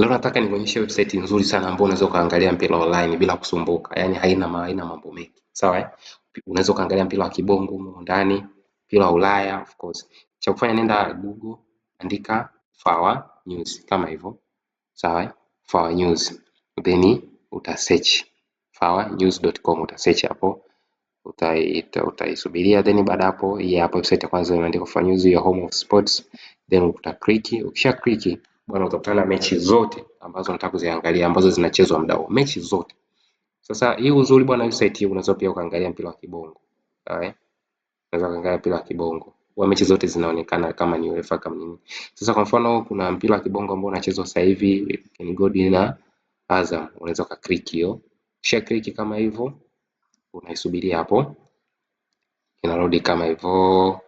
Leo nataka nikuonyeshe website nzuri sana ambayo unaweza ukaangalia mpira online bila kusumbuka. Yaani haina haina mambo mengi. Sawa eh? Unaweza ukaangalia mpira wa kibongo huko ndani, mpira wa Ulaya of course. Cha kufanya nenda Google, andika Fawa News kama hivyo. Sawa eh? Fawa News. Then uta search fawanews.com uta search hapo. Utaita utaisubiria then baada hapo hii hapo website ya kwanza imeandikwa Fawa News your home of sports. Then uta click, ukisha click bwana, utakutana na mechi zote ambazo nataka kuziangalia ambazo zinachezwa muda huo, mechi zote. Sasa hii uzuri bwana, hii site unaweza pia ukaangalia mpira wa kibongo, sawa? Unaweza kaangalia mpira wa kibongo wa mechi zote zinaonekana kama ni UEFA kama nini. Sasa kwa mfano kuna mpira wa kibongo ambao unachezwa sasa hivi ni Godi na Azam, unaweza ka click hiyo, kisha click kama hivyo, unaisubiria hapo, inarudi kama hivyo,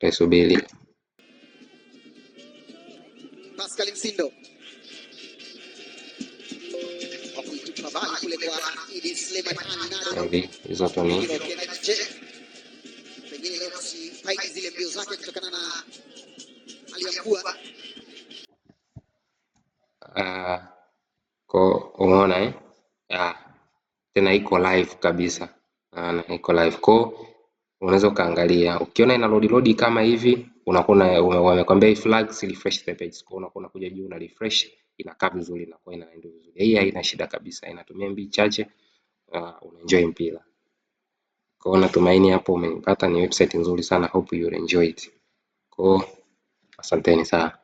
unaisubiri Pascal Msindo ah, ko umeona eh? Ah, tena iko live kabisa uh, iko live ko unaweza ukaangalia ukiona ina lodi lodi kama hivi unakuwa wamekwambia hii flags refresh the page. Kwa unakuwa unakuja juu una refresh, inakaa vizuri na kwa inaenda vizuri. Hii haina shida kabisa, inatumia MB chache uh, unaenjoy mpira. Kwa hiyo natumaini hapo umenipata. Ni website nzuri sana, hope you enjoy it. Kwa asanteni sana.